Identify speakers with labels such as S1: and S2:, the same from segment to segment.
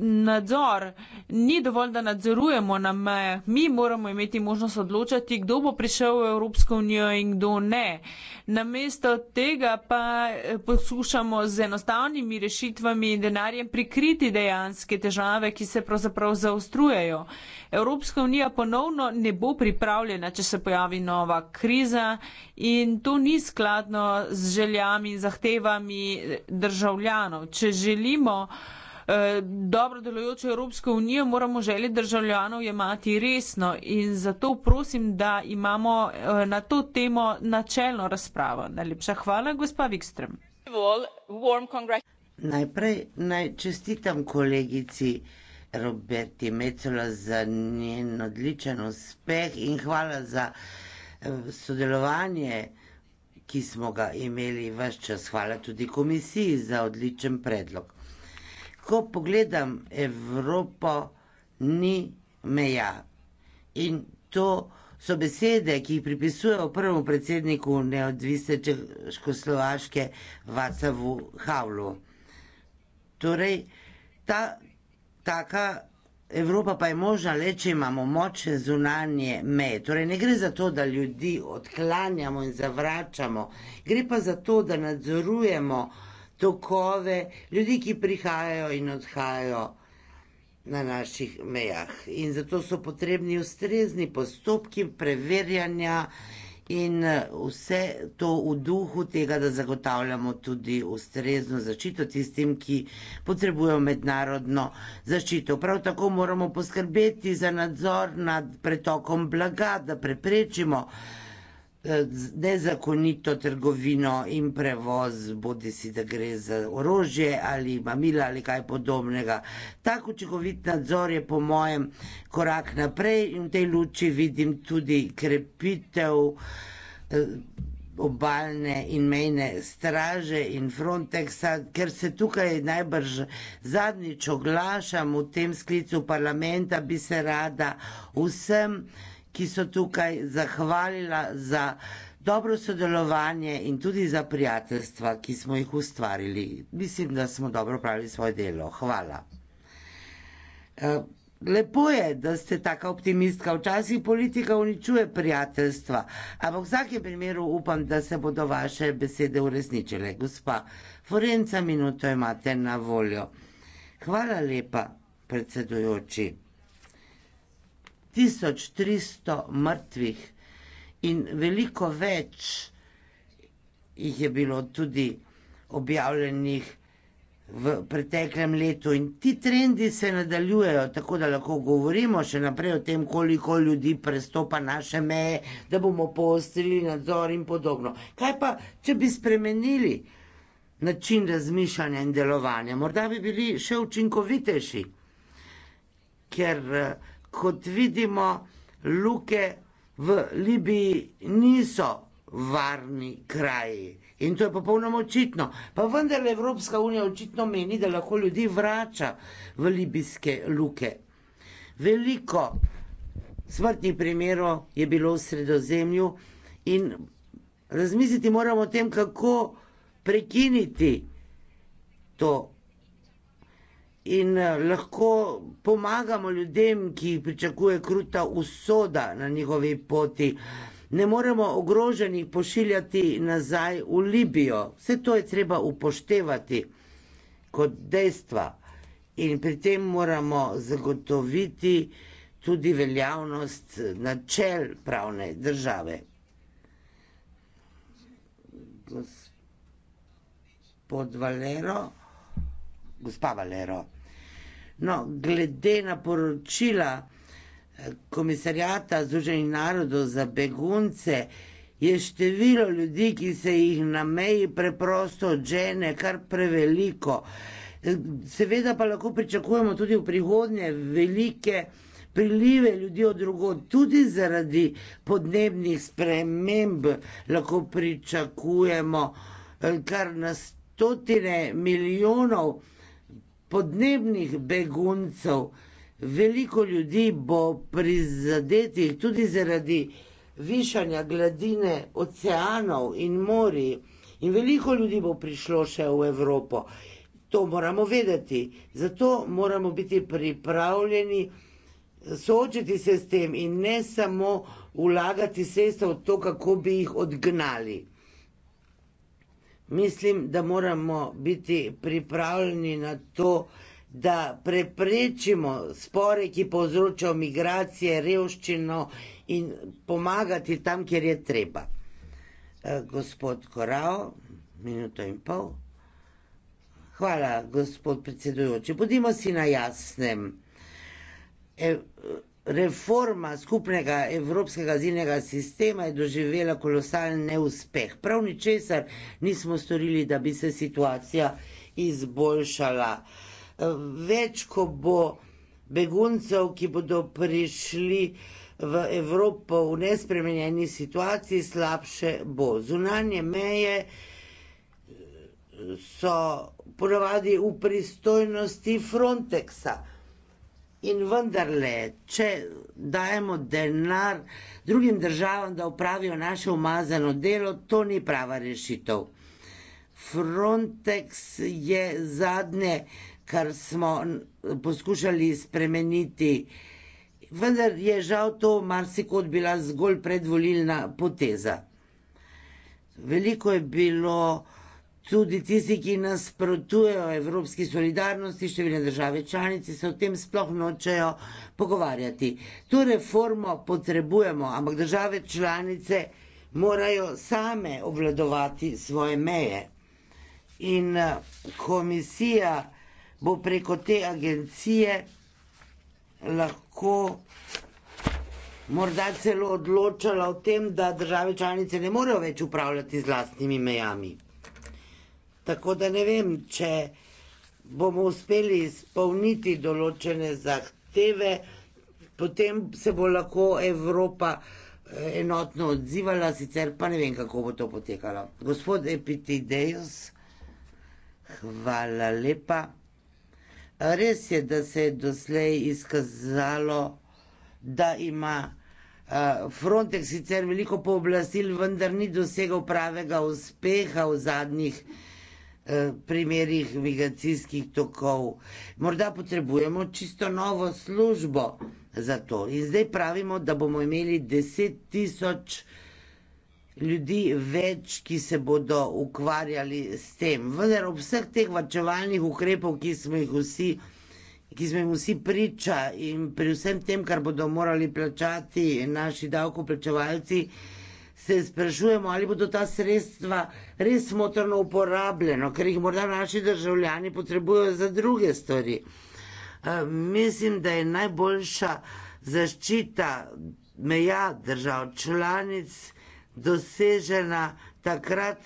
S1: nadzor ni dovolj, da nadzorujemo na meje. Mi moramo imeti možnost odločati, kdo bo prišel v Evropsko unijo in kdo ne. Namesto tega pa eh, poskušamo z enostavnimi rešitvami in denarjem prikriti dejanske težave, ki se pravzaprav zaostrujejo. Evropska unija ponovno ne bo pripravljena, če se pojavi nova kriza in to ni skladno z željami in zahtevami eh, državljanov. Če želimo, dobro delujočo Evropsko unijo, moramo želje državljanov jemati resno in zato prosim,
S2: da imamo eh, na to temo načelno razpravo. Najlepša hvala, gospa Vikstrem. Najprej naj čestitam kolegici Roberti Mecola za njen odličen uspeh in hvala za eh, sodelovanje, ki smo ga imeli vse čas. Hvala tudi komisiji za odličen predlog ko pogledam Evropo, ni meja. In to so besede, ki jih pripisujejo prvemu predsedniku neodvisne Čehoslovaške Vacavu Havlu. Torej, ta, taka Evropa pa je možna le, če imamo močne zunanje meje. Torej, ne gre za to, da ljudi odklanjamo in zavračamo, gre pa za to, da nadzorujemo tokove ljudi, ki prihajajo in odhajajo na naših mejah. In zato so potrebni ustrezni postopki preverjanja in uh, vse to v duhu tega, da zagotavljamo tudi ustrezno zaščito tistim, ki potrebujejo mednarodno zaščito. Prav tako moramo poskrbeti za nadzor nad pretokom blaga, da preprečimo Eh, nezakonito trgovino in prevoz, bodi si da gre za orožje ali mamila ali kaj podobnega. Tak učinkovit nadzor je po mojem korak naprej in v tej luči vidim tudi krepitev eh, obaljne in mejne straže in Frontexa, ker se tukaj najbrž zadnjič oglašam v tem sklicu parlamenta, bi se rada vsem ki so tukaj zahvalila za dobro sodelovanje in tudi za prijateljstva, ki smo jih ustvarili. Mislim, da smo dobro pravili svoje delo. Hvala. Eh, lepo je, da ste taka optimistka. Včasih politika uničuje prijateljstva, ampak v vsakem primeru upam, da se bodo vaše besede uresničile. Gospa Forenca, minuto imate na voljo. Hvala lepa, predsedujoči tisoč tristo mrtvih in veliko več jih je bilo tudi objavljenih v preteklem letu in ti trendi se nadaljujejo, tako da lahko govorimo še naprej o tem, koliko ljudi prestopa naše meje, da bomo poostrili nadzor in podobno. Kaj pa, če bi spremenili način razmišljanja in delovanja? Morda bi bili še učinkovitejši, ker kot vidimo, luke v Libiji niso varni kraji. In to je popolnoma očitno. Pa vendar Evropska unija očitno meni, da lahko ljudi vrača v libijske luke. Veliko smrtnih primerov je bilo v sredozemlju in razmisliti moramo o tem, kako prekiniti to in eh, lahko pomagamo ljudem, ki jih pričakuje kruta usoda na njihovi poti. Ne moremo ogroženih pošiljati nazaj v Libijo. Vse to je treba upoštevati kot dejstva in pri tem moramo zagotoviti tudi veljavnost načel pravne države. Gospod Valero, gospa Valero. No, glede na poročila eh, komisarjata Združenih narodov za begunce, je število ljudi, ki se jih na meji preprosto odžene, kar preveliko. Eh, seveda pa lahko pričakujemo tudi v prihodnje velike prilive ljudi od drugod, tudi zaradi podnebnih sprememb lahko pričakujemo eh, kar na stotine milijonov podnebnih beguncev, veliko ljudi bo prizadetih tudi zaradi višanja gladine oceanov in mori in veliko ljudi bo prišlo še v Evropo. To moramo vedeti, zato moramo biti pripravljeni soočiti se s tem in ne samo vlagati sredstva v to, kako bi jih odgnali. Mislim, da moramo biti pripravljeni na to, da preprečimo spore, ki povzročajo migracije, revščino in pomagati tam, kjer je treba. Eh, gospod Korao, minuto in pol. Hvala, gospod predsedujoči. Bodimo si na jasnem. E, Reforma skupnega evropskega azilnega sistema je doživela kolosalen neuspeh. Prav ničesar nismo storili, da bi se situacija izboljšala. Več, ko bo beguncev, ki bodo prišli v Evropo v nespremenjeni situaciji, slabše bo. Zunanje meje so ponavadi v pristojnosti Frontexa. In vendarle, če dajemo denar drugim državam, da upravijo naše umazano delo, to ni prava rešitev. Frontex je zadnje, kar smo poskušali spremeniti, vendar je žal to marsikot bila zgolj predvolilna poteza. Veliko je bilo Tudi tisti, ki nasprotujejo evropski solidarnosti, številne države članice se o tem sploh nočejo pogovarjati. To reformo potrebujemo, ampak države članice morajo same obvladovati svoje meje. In eh, komisija bo preko te agencije lahko morda celo odločala o tem, da države članice ne morejo več upravljati z vlastnimi mejami. Tako da ne vem, če bomo uspeli izpolniti določene zahteve, potem se bo lahko Evropa eh, enotno odzivala, sicer pa ne vem, kako bo to potekalo. Gospod Epitidejus, hvala lepa. Res je, da se je doslej izkazalo, da ima eh, Frontex sicer veliko pooblastil, vendar ni dosegal pravega uspeha v zadnjih letih. Eh, primerih migracijskih tokov. Morda potrebujemo čisto novo službo za to. In zdaj pravimo, da bomo imeli deset tisoč ljudi več, ki se bodo ukvarjali s tem. Vendar ob vseh teh vrčevalnih ukrepov, ki smo jih vsi, ki smo jim vsi priča in pri vsem tem, kar bodo morali plačati naši davkoplačevalci, se sprašujemo, ali bodo ta sredstva res motorno uporabljena, ker jih morda naši državljani potrebujejo za druge stvari. Eh, mislim, da je najboljša zaščita meja držav članic dosežena takrat,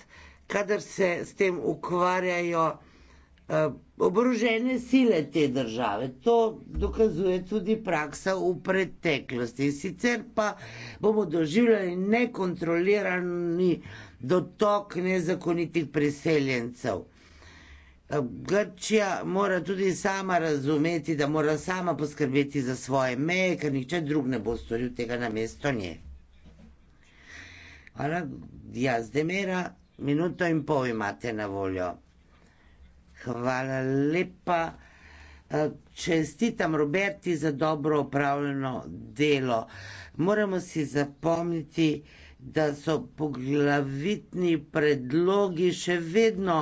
S2: kadar se s tem ukvarjajo eh, oborožene sile te države. To dokazuje tudi praksa v preteklosti. Sicer pa bomo doživljali nekontrolirani dotok nezakonitih priseljencev. Eh, Grčija mora tudi sama razumeti, da mora sama poskrbeti za svoje meje, ker nihče drug ne bo storil tega na mesto nje. Hvala, jaz demera, minuto in pol imate na voljo. Hvala lepa. Eh, čestitam Roberti za dobro opravljeno delo. Moramo si zapomniti, da so poglavitni predlogi še vedno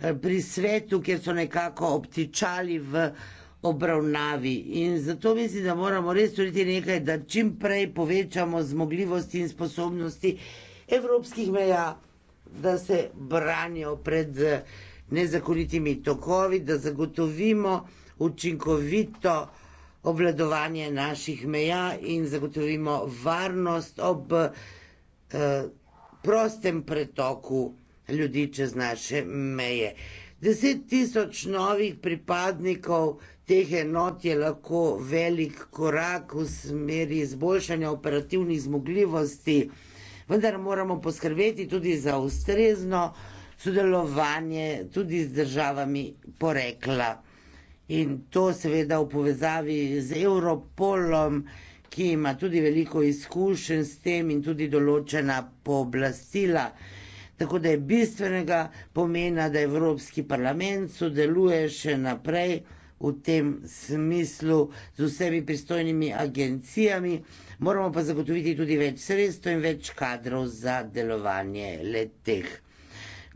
S2: eh, pri svetu, kjer so nekako obtičali v obravnavi. In zato mislim, da moramo res storiti nekaj, da čim prej povečamo zmogljivosti in sposobnosti evropskih meja, da se branijo pred eh, nezakonitimi tokovi, da zagotovimo učinkovito obladovanje naših meja in zagotovimo varnost ob eh, prostem pretoku ljudi čez naše meje. Deset tisoč novih pripadnikov teh enot je lahko velik korak v smeri izboljšanja operativnih zmogljivosti, vendar moramo poskrbeti tudi za ustrezno sodelovanje tudi z državami porekla. In to seveda v povezavi z Europolom, ki ima tudi veliko izkušenj s tem in tudi določena pooblastila. Tako da je bistvenega pomena, da Evropski parlament sodeluje še naprej v tem smislu z vsemi pristojnimi agencijami. Moramo pa zagotoviti tudi več sredstev in več kadrov za delovanje leteh.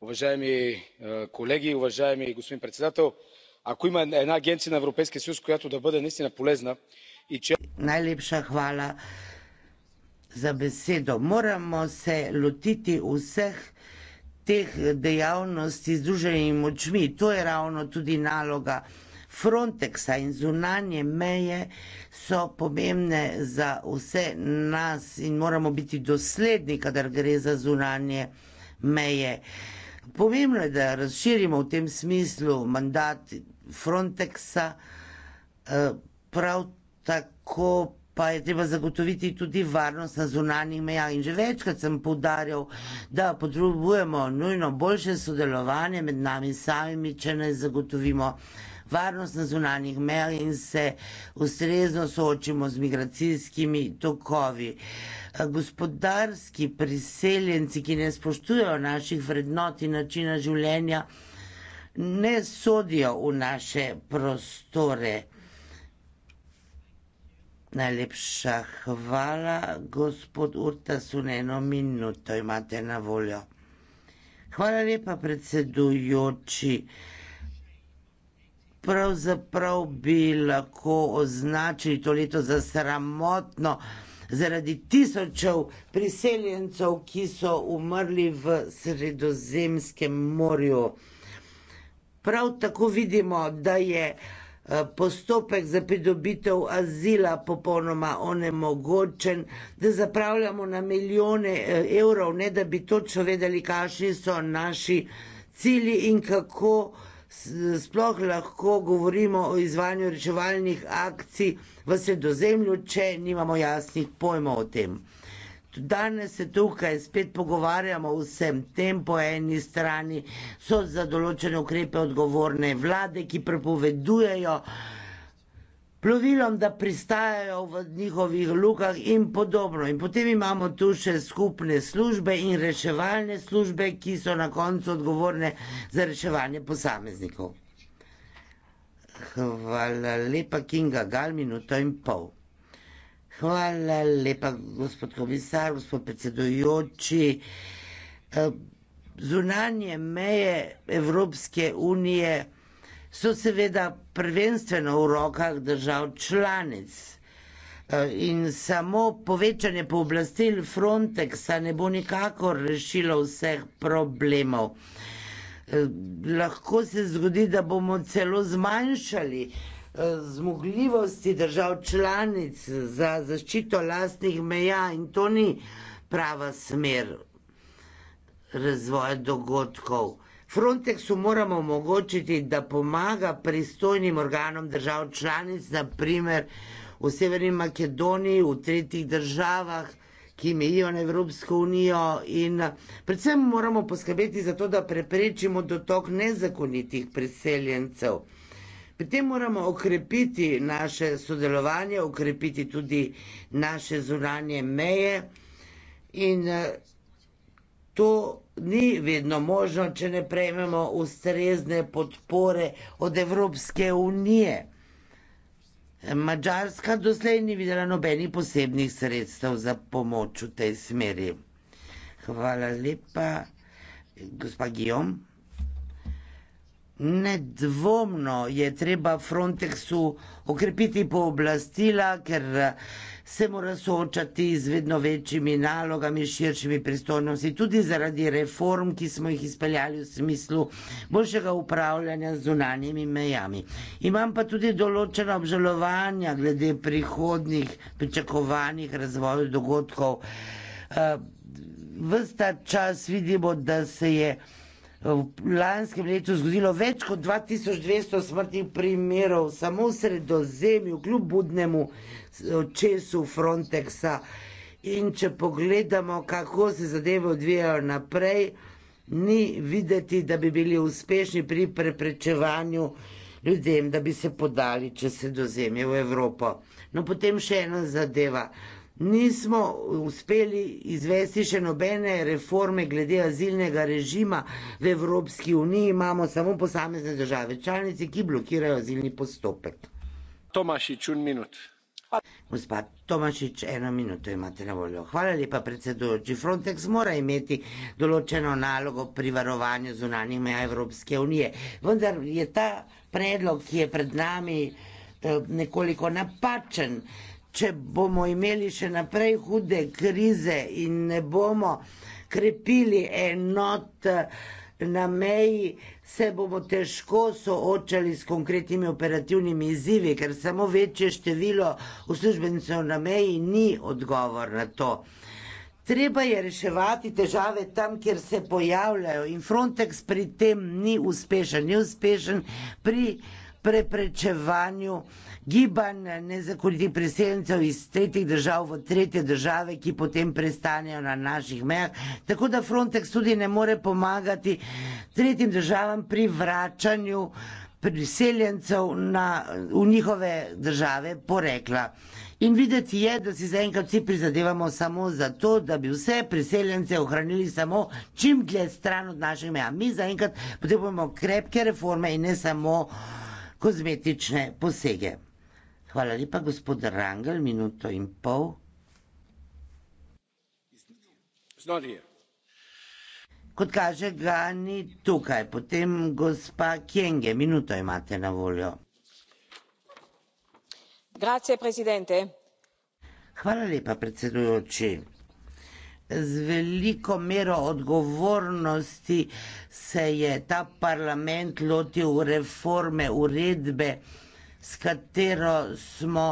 S3: уважаеми колеги уважаеми господин председател ако има една агенция на европейския съюз която да бъде наистина полезна и че.
S2: Najlepša hvala za besedo. Moramo se lotiti vseh teh dejavnosti z druženimi močmi. To je ravno tudi naloga Frontexa in zunanje meje so pomembne za vse nas in moramo biti dosledni, kadar gre za zunanje meje. Uh, Pomembno je, da razširimo v tem smislu mandat Frontexa, eh, prav tako pa je treba zagotoviti tudi varnost na zunanjih mejah. In že večkrat sem povdarjal, da potrebujemo nujno boljše sodelovanje med nami samimi, če ne zagotovimo varnost na zunanjih mejah in se ustrezno soočimo z migracijskimi tokovi. Uh, Eh, gospodarski priseljenci, ki ne spoštujejo naših vrednot in načina življenja, ne sodijo v naše prostore. Najlepša hvala, gospod Urta, so na eno minuto imate na voljo. Hvala lepa, predsedujoči. Pravzaprav bi lahko označili to leto za sramotno zaradi tisočev priseljencev, ki so umrli v Sredozemskem morju. Prav tako vidimo, da je eh, postopek za pridobitev azila popolnoma onemogočen, da zapravljamo na milijone eh, evrov, ne da bi točno vedeli, kakšni so naši cilji in kako sploh lahko govorimo o izvanju reševalnih akcij v sredozemlju, če nimamo jasnih pojmov o tem. Danes se tukaj spet pogovarjamo o vsem tem, po eni strani so za določene ukrepe odgovorne vlade, ki prepovedujejo plovilom, da pristajajo v njihovih lukah in podobno. In potem imamo tu še skupne službe in reševalne službe, ki so na koncu odgovorne za reševanje posameznikov. Hvala lepa, Kinga Gal, minuto in pol. Hvala lepa, gospod komisar, gospod predsedujoči. Eh, zunanje meje Evropske unije so seveda prvenstveno v rokah držav članic. E, in samo povečanje pooblastil Frontexa ne bo nikakor rešilo vseh problemov. E, lahko se zgodi, da bomo celo zmanjšali e, zmogljivosti držav članic za zaščito lastnih meja in to ni prava smer razvoja dogodkov. Frontexu moramo omogočiti, da pomaga pristojnim organom držav članic, naprimer v Severni Makedoniji, v tretjih državah, ki mejijo na Evropsko unijo in predvsem moramo poskrbeti za to, da preprečimo dotok nezakonitih priseljencev. Pri tem moramo okrepiti naše sodelovanje, okrepiti tudi naše zunanje meje in to ni vedno možno, če ne prejmemo ustrezne podpore od Evropske unije. Mačarska doslej ni videla nobenih posebnih sredstev za pomoč v tej smeri. Hvala lepa, gospa Gijom. Nedvomno je treba Frontexu okrepiti pooblastila, ker se mora soočati z vedno večjimi nalogami, širšimi pristojnosti, tudi zaradi reform, ki smo jih izpeljali v smislu boljšega upravljanja z zunanjimi mejami. Imam pa tudi določena obžalovanja glede prihodnih pričakovanih razvojev dogodkov. Eh, Vsta čas vidimo, da se je v lanskem letu zgodilo več kot 2200 smrtnih primerov, samo v sredozemlju, kljub budnemu eh, česu Frontexa. In če pogledamo, kako se zadeve odvijajo naprej, ni videti, da bi bili uspešni pri preprečevanju ljudem, da bi se podali čez sredozemlje v Evropo. No, potem še ena zadeva. Nismo uspeli izvesti še nobene reforme glede azilnega režima v Evropski uniji, imamo samo posamezne države članice, ki blokirajo azilni postopek.
S3: Tomašič, un
S2: minut. Gospa Tomašič, eno minuto imate na voljo. Hvala lepa, predsedujoči. Frontex mora imeti določeno nalogo pri varovanju zunanjih meja Evropske unije. Vendar je ta predlog, ki je pred nami, eh, nekoliko napačen če bomo imeli še naprej hude krize in ne bomo krepili enot eh, na meji, se bomo težko soočali s konkretnimi operativnimi izzivi, ker samo večje število uslužbencev na meji ni odgovor na to. Treba je reševati težave tam, kjer se pojavljajo in Frontex pri tem ni uspešen. Ni uspešen pri preprečevanju gibanj nezakonitih preseljencev iz tretjih držav v tretje države, ki potem prestanejo na naših mejah. Tako da Frontex tudi ne more pomagati tretjim državam pri vračanju priseljencev na, v njihove države porekla. In videti je, da si zaenkrat vsi prizadevamo samo za to, da bi vse priseljence ohranili samo čim dlje stran od naših meja. Mi zaenkrat potrebujemo krepke reforme in ne samo uh, kozmetične posege. Hvala lepa, gospod Rangel, minuto in pol. Kot kaže, ga ni tukaj. Potem gospa Kenge, minuto imate na voljo. Hvala lepa, predsedujoči z veliko mero odgovornosti se je ta parlament lotil reforme uredbe, s katero smo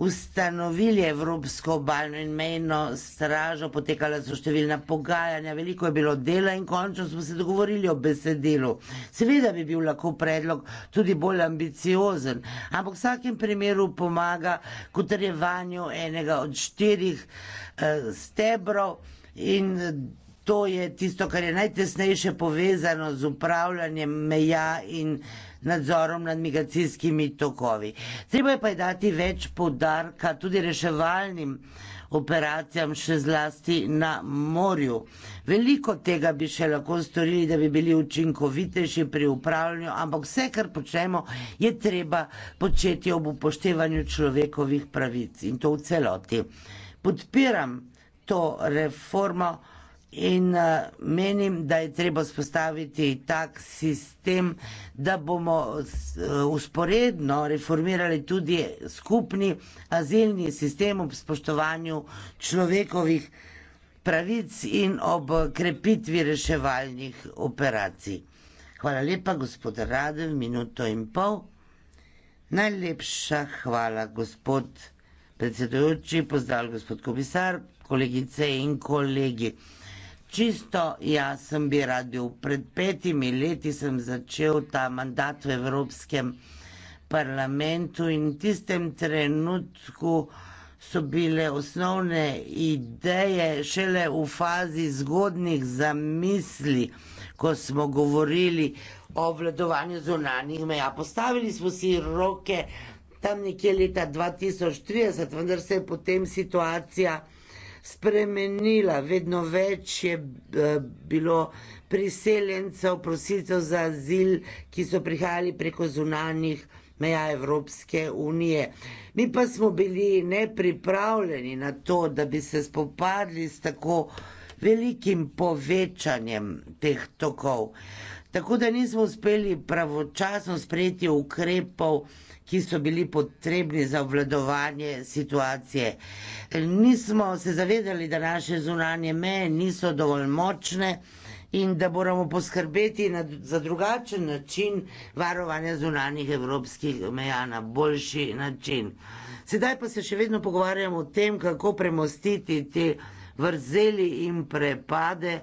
S2: ustanovili Evropsko obalno in mejno stražo, potekala so številna pogajanja, veliko je bilo dela in končno smo se dogovorili o besedilu. Seveda bi bil lahko predlog tudi bolj ambiciozen, ampak v vsakem primeru pomaga k utrjevanju enega od štirih eh, stebrov in to je tisto, kar je najtesnejše povezano z upravljanjem meja in nadzorom nad migracijskimi tokovi. Treba je pa je dati več podarka tudi reševalnim operacijam še zlasti na morju. Veliko tega bi še lahko storili, da bi bili učinkovitejši pri upravljanju, ampak vse, kar počnemo, je treba početi ob upoštevanju človekovih pravic in to v celoti. Podpiram to reformo. In uh, menim, da je treba spostaviti tak sistem, da bomo s, uh, eh, usporedno reformirali tudi skupni azilni sistem ob spoštovanju človekovih pravic in ob krepitvi reševalnih operacij. Hvala lepa, gospod Radev, minuto in pol. Najlepša hvala, gospod predsedujoči, pozdrav gospod komisar, kolegice in kolegi. Čisto jasen bi rad bil. Pred petimi leti sem začel ta mandat v Evropskem parlamentu in v tistem trenutku so bile osnovne ideje šele v fazi zgodnih zamisli, ko smo govorili o vladovanju zunanjih meja. Postavili smo si roke tam nekje leta 2030, vendar se je potem situacija spremenila, vedno več je eh, bilo priseljencev, prosilcev za azil, ki so prihajali preko zunanjih meja Evropske unije. Mi pa smo bili nepripravljeni na to, da bi se spopadli s tako velikim povečanjem teh tokov. Tako da nismo uspeli pravočasno sprejeti ukrepov, ki so bili potrebni za obvladovanje situacije. Nismo se zavedali, da naše zunanje meje niso dovolj močne in da moramo poskrbeti na, za drugačen način varovanja zunanjih evropskih meja na boljši način. Sedaj pa se še vedno pogovarjamo o tem, kako premostiti te vrzeli in prepade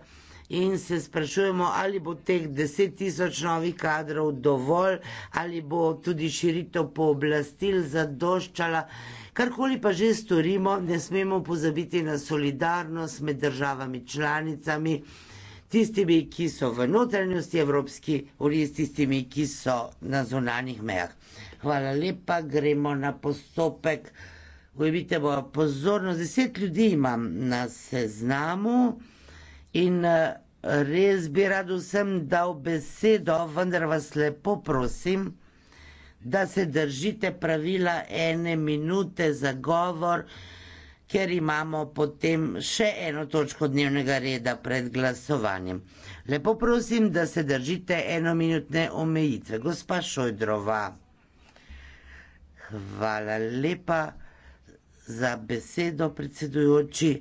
S2: in se sprašujemo, ali bo teh 10 tisoč novih kadrov dovolj, ali bo tudi širitev pooblastil zadoščala. Karkoli pa že storimo, ne smemo pozabiti na solidarnost med državami članicami, tistimi, ki so v notranjosti Evropski uniji, tistimi, ki so na zunanjih mejah. Hvala lepa, gremo na postopek. Ujemite bo pozornost, deset ljudi imam na seznamu. In eh, res bi rad vsem dal besedo, vendar vas lepo prosim, da se držite pravila ene minute za govor, ker imamo potem še eno točko dnevnega reda pred glasovanjem. Lepo prosim, da se držite eno minutne omejitve. Gospa Šojdrova, hvala lepa za besedo, predsedujoči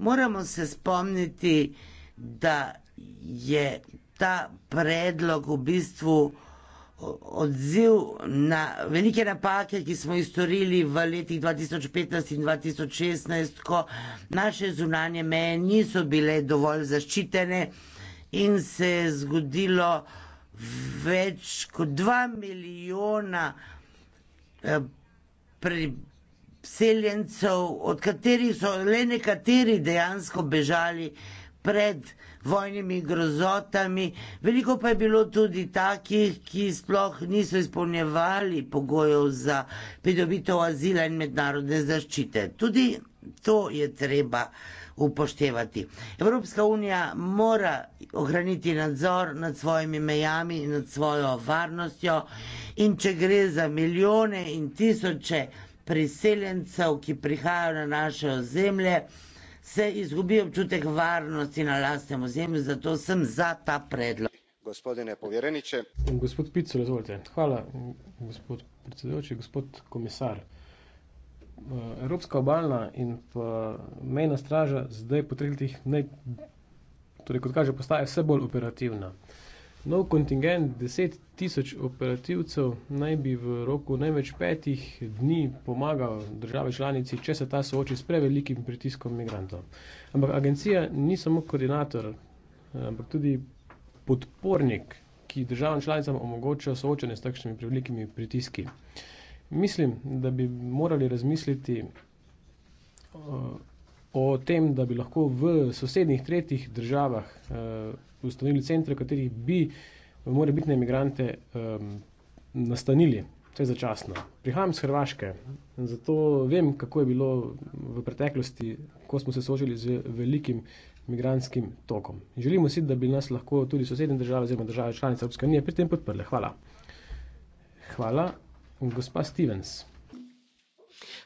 S2: moramo se spomniti, da je ta predlog v bistvu odziv na velike napake, ki smo jih storili v letih 2015 in 2016, ko naše zunanje meje niso bile dovolj zaščitene in se je zgodilo več kot dva milijona eh, prebivalcev seljencev, od katerih so le nekateri dejansko bežali pred vojnimi grozotami. Veliko pa je bilo tudi takih, ki sploh niso izpolnjevali pogojev za pridobitev azila in mednarodne zaščite. Tudi to je treba. Upoštevati. Evropska unija mora ohraniti nadzor nad svojimi mejami in nad svojo varnostjo, in če gre za milijone in tisoče priseljencev, ki prihajajo na naše ozemlje, se izgubi občutek varnosti na lastnem ozemlju, zato sem za ta predlog. Gospodine povjereniče. Gospod Picel, izvolite.
S3: Hvala, gospod predsedujoči, gospod komisar. Evropska obalna in pa mejna straža zdaj po treh letih ne, torej kot kaže, postaje vse bolj operativna. Uh, Nov kontingent 10.000 operativcev naj bi v roku največ petih dni pomagal državi članici, če se ta sooči s prevelikim pritiskom migrantov. Ampak agencija ni samo koordinator, ampak tudi podpornik, ki državam članicam omogoča soočanje s takšnimi prevelikimi pritiski. Mislim, da bi morali razmisliti. Uh, o tem, da bi lahko v sosednjih tretjih državah uh, ustanovili centre, v katerih bi morali biti imigrante um, nastanili, vse začasno. Prihajam iz Hrvaške, zato vem, kako je bilo v preteklosti, ko smo se soočili z velikim imigranskim tokom. Želimo si, da bi nas lahko tudi sosednje države, oziroma države članice Evropske unije, pri tem podprle. Hvala. Hvala, gospa Stevens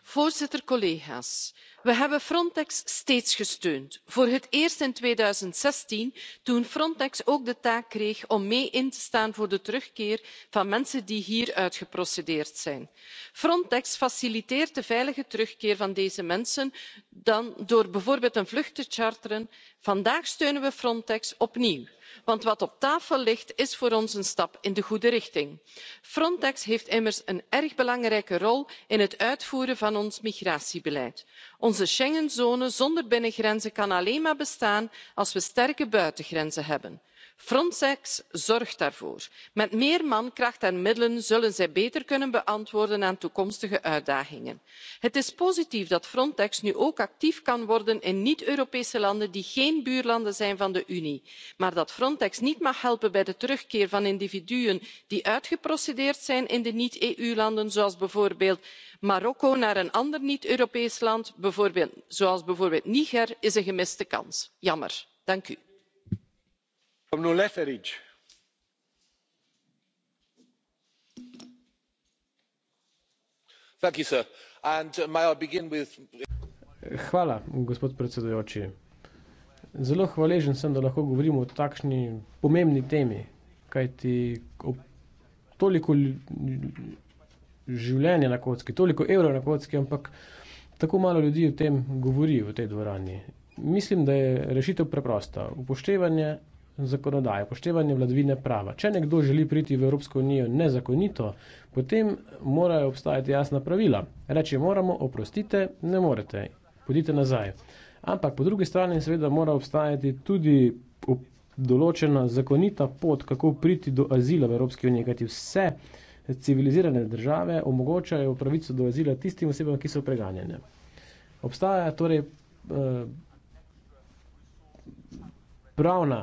S4: voorzitter collega's we hebben frontex steeds gesteund voor het eerst in tweeduizendzestien toen frontex ook de taak kreeg om mee in te staan voor de terugkeer van mensen die hier uitgeprocedeerd zijn. frontex faciliteert de veilige terugkeer van deze mensen dan door bijvoorbeeld een vlucht te charteren. vandaag steunen we frontex opnieuw want wat op tafel ligt is voor ons een stap in de goede richting. frontex heeft immers een erg belangrijke rol in het uitvoeren van ons migratiebeleid. onze schengenzone zonder binnengrenzen kan alleen maar bestaan als we sterke buitengrenzen hebben frontex zorgt daarvoor. met meer mankracht en middelen zullen zij beter kunnen beantwoorden aan toekomstige uitdagingen. het is positief dat frontex nu ook actief kan worden in niet europese landen die geen buurlanden zijn van de unie maar dat frontex niet mag helpen bij de terugkeer van individuen die uitgeprocedeerd zijn in de niet eu landen zoals bijvoorbeeld marokko naar een ander niet europees land zoals bijvoorbeeld niger is een gemiste kans. jammer. dank
S5: domnul lesedj
S3: hvala gospod predsedujoči zelo hvaležen sem da lahko govorim o takšni pomembni temi kajti ob toliko življenja na kocki toliko evrov na kocki ampak tako malo ljudi o tem govori v tej dvorani mislim da je rešitev preprosta upoštevanje zakonodaje, upoštevanje vladavine prava. Če nekdo želi priti v Evropsko unijo nezakonito, potem morajo obstajati jasna pravila. Reči moramo, oprostite, ne morete, pojdite nazaj. Ampak po drugi strani seveda mora obstajati tudi določena zakonita pot, kako priti do azila v Evropski uniji, kajti vse civilizirane države omogočajo pravico do azila tistim osebam, ki so preganjene. Obstaja torej eh, pravna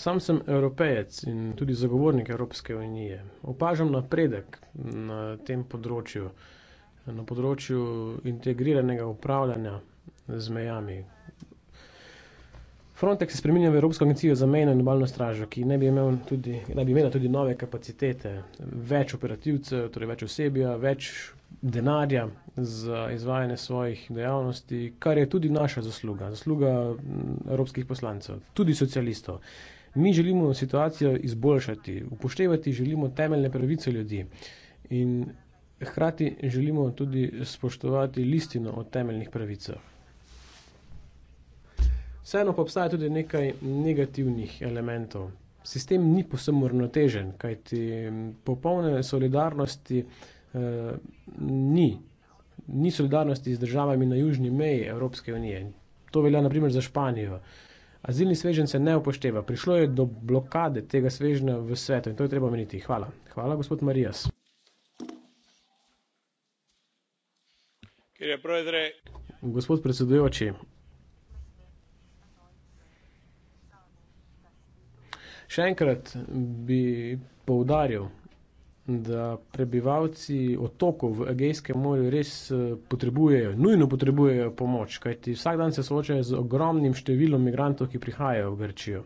S3: Sam sem evropejec in tudi zagovornik Evropske unije. Opažam napredek na tem področju, na področju integriranega upravljanja z mejami. Frontex se spremenja v Evropsko agencijo za mejno in obalno stražo, ki naj bi, imel tudi, naj bi imela tudi nove kapacitete, več operativcev, torej več osebja, več denarja za izvajanje svojih dejavnosti, kar je tudi naša zasluga, zasluga mm, evropskih poslancev, tudi socialistov mi želimo situacijo izboljšati, upoštevati želimo temeljne pravice ljudi in hkrati želimo tudi spoštovati listino o temeljnih pravicah. Vseeno pa obstaja tudi nekaj negativnih elementov. Sistem ni posem uravnotežen, kajti popolne solidarnosti eh, ni. Ni solidarnosti z državami na južni meji Evropske unije. To velja naprimer za Španijo. Eh, Azilni svežen se ne upošteva. Prišlo je do blokade tega svežna v svetu in to je treba omeniti. Hvala. Hvala, gospod Marijas. Gospod predsedujoči, še enkrat bi poudaril, da prebivalci otokov v Egejskem morju res eh, potrebujejo, nujno potrebujejo pomoč, kajti vsak dan se soočajo z ogromnim številom migrantov, ki prihajajo v Grčijo.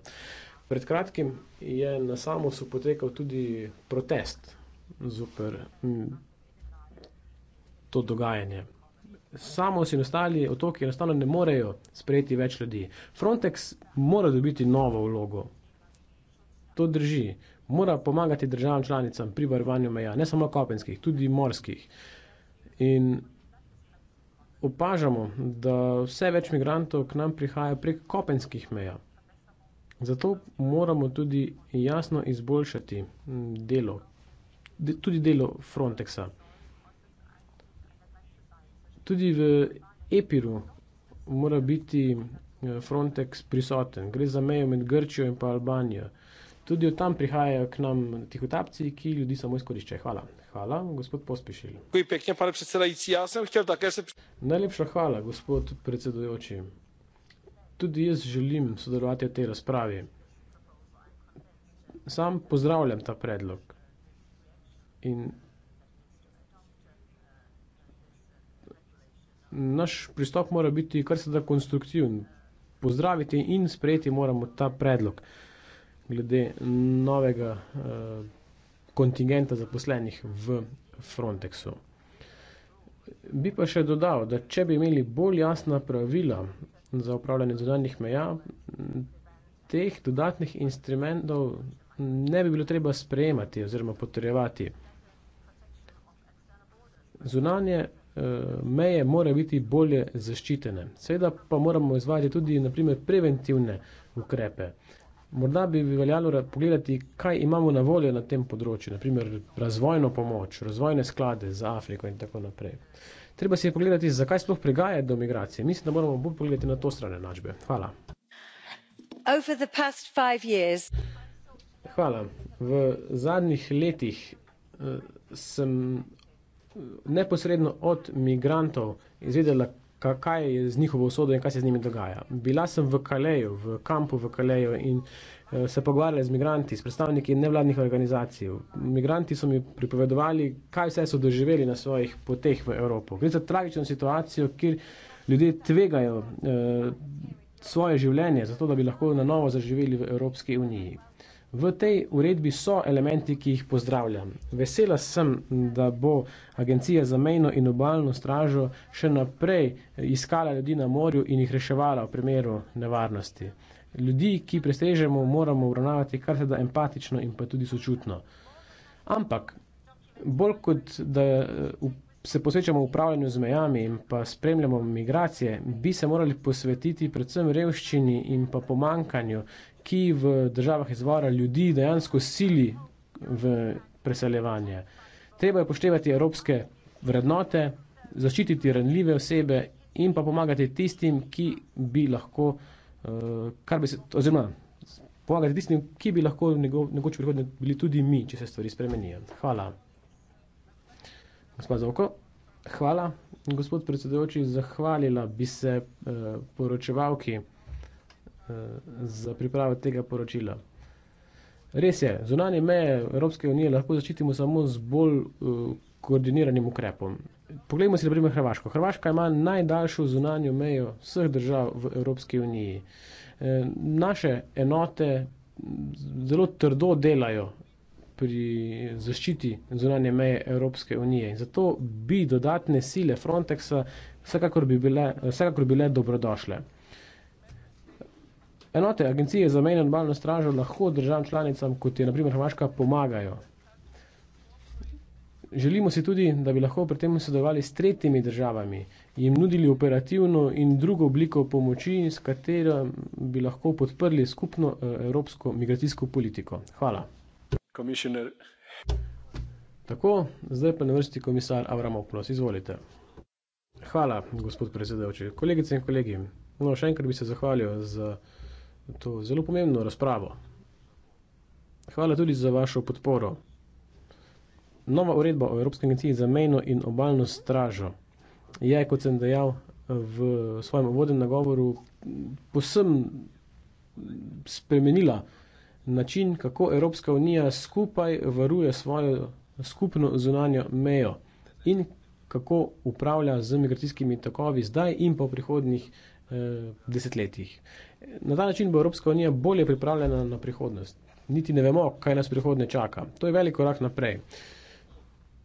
S3: Pred kratkim je na samo so potekal tudi protest zoper mm, to dogajanje. Samo si nastali otoki enostavno ne morejo sprejeti več ljudi. Frontex mora dobiti novo vlogo. To drži mora pomagati državam članicam pri varovanju meja, ne samo kopenskih, tudi morskih. In opažamo, da vse več migrantov k nam prihaja prek kopenskih meja. Zato moramo tudi jasno izboljšati delo, de, tudi delo Frontexa. Tudi v Epiru mora biti Frontex prisoten. Gre za mejo med Grčijo in pa Albanijo. Tudi od tam prihajajo k nam tihotapci, ki ljudi samo izkoriščajo. Hvala. Hvala, gospod Pospešil. Najlepša hvala, gospod predsedujoči. Tudi jaz želim sodelovati v tej razpravi. Sam pozdravljam ta predlog. In naš pristop mora biti kar se da konstruktiven. Pozdraviti in sprejeti moramo ta predlog. Uh, glede novega eh, kontingenta zaposlenih v Frontexu. Bi pa še dodal, da če bi imeli bolj jasna pravila za upravljanje zunanjih meja, teh dodatnih instrumentov ne bi bilo treba sprejemati oziroma potrjevati. Zunanje eh, meje mora biti bolje zaščitene. Seveda pa moramo izvajati tudi naprimer, preventivne ukrepe morda bi veljalo pogledati, kaj imamo na voljo na tem področju, naprimer razvojno pomoč, razvojne sklade za Afriko in tako naprej. Treba si je pogledati, zakaj sploh prigaja do migracije. Mislim, da moramo bolj pogledati na to stran enačbe. Hvala. Hvala. V zadnjih letih eh, sem eh, neposredno od migrantov izvedela, kaj je z njihovo usodo in kaj se z njimi dogaja. Bila sem v Kaleju, v kampu v Kaleju in eh, se pogovarjali z migranti, s predstavniki nevladnih organizacij. Migranti so mi pripovedovali, kaj vse so doživeli na svojih poteh v Evropo. Gre za tragično situacijo, kjer ljudje tvegajo eh, svoje življenje, zato da bi lahko na novo zaživeli v Evropski uniji. V tej uredbi so elementi, ki jih pozdravljam. Vesela sem, da bo Agencija za mejno in obalno stražo še naprej iskala ljudi na morju in jih reševala v primeru nevarnosti. Ljudi, ki prestežemo, moramo obravnavati kar teda empatično in pa tudi sočutno. Ampak, bolj kot da se posvečamo upravljanju z mejami in pa spremljamo migracije, bi se morali posvetiti predvsem revščini in pa pomankanju, ki v državah izvora ljudi dejansko sili v preseljevanje. Treba je poštevati evropske vrednote, zaščititi ranljive osebe in pa pomagati tistim, ki bi lahko, eh, kar bi se, oziroma pomagati tistim, ki bi lahko nekoč prihodnje bili tudi mi, če se stvari spremenijo. Hvala. Gospod Zavko, hvala. Gospod predsedujoči, zahvalila bi se eh, poročevalki za pripravo tega poročila. Res je, zunanje meje Evropske unije lahko zaščitimo samo z bolj eh, koordiniranim ukrepom. Poglejmo si, na primer, Hrvaško. Hrvaška ima najdaljšo zunanjo mejo vseh držav v Evropski uniji. Eh, naše enote zelo trdo delajo pri zaščiti zunanje meje Evropske unije in zato bi dodatne sile Frontexa vsekakor bi bile, vsekakor bile dobrodošle. Enote agencije za mejno in obalno stražo lahko državam članicam, kot je naprimer Hrvaška, pomagajo. Želimo si tudi, da bi lahko pri tem sodelovali s tretjimi državami, jim nudili operativno in drugo obliko pomoči, s katero bi lahko podprli skupno eh, evropsko migracijsko politiko. Hvala. Komisioner. Tako, zdaj pa na vrsti komisar Avramopoulos, izvolite. Hvala, gospod predsedavči. Kolegice in kolegi, no, še enkrat bi se zahvalil za to zelo pomembno razpravo. Hvala tudi za vašo podporo. Nova uredba o Evropski agenciji za mejno in obaljno stražo je, kot sem dejal v svojem uvodnem nagovoru, posem spremenila način, kako Evropska unija skupaj varuje svojo skupno zunanjo mejo in kako upravlja z migracijskimi takovi zdaj in po prihodnjih eh, desetletjih. Na ta način bo Evropska unija bolje pripravljena na prihodnost. Niti ne vemo, kaj nas prihodne čaka. To je velik korak naprej.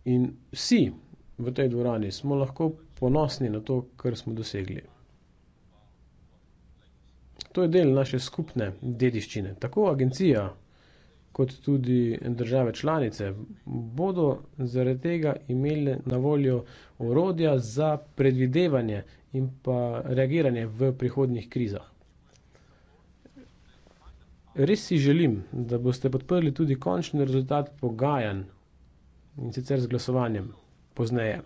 S3: In vsi v tej dvorani smo lahko ponosni na to, kar smo dosegli. To je del naše skupne dediščine. Tako agencija, kot tudi države članice bodo zaradi tega imeli na voljo orodja za predvidevanje in pa reagiranje v prihodnjih krizah. Res si želim, da boste podprli tudi končni rezultat pogajanj in sicer z glasovanjem pozneje.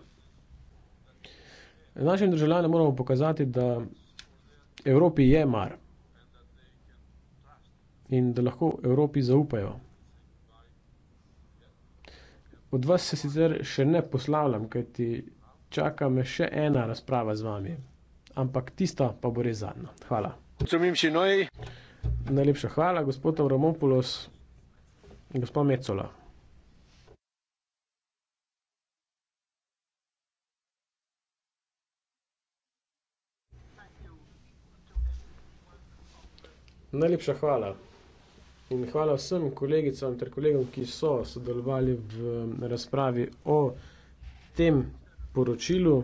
S3: Našim državljanom moramo pokazati, da Evropi je mar in da lahko Evropi zaupajo. Od vas se sicer še ne poslavljam, kajti čaka me še ena razprava z vami, ampak tista pa bo res zadnja. Hvala. Zumim si noj. Najlepša hvala, gospod Avramopoulos in gospod Mecola. Najlepša hvala in hvala vsem kolegicam ter kolegom, ki so sodelovali v razpravi o tem poročilu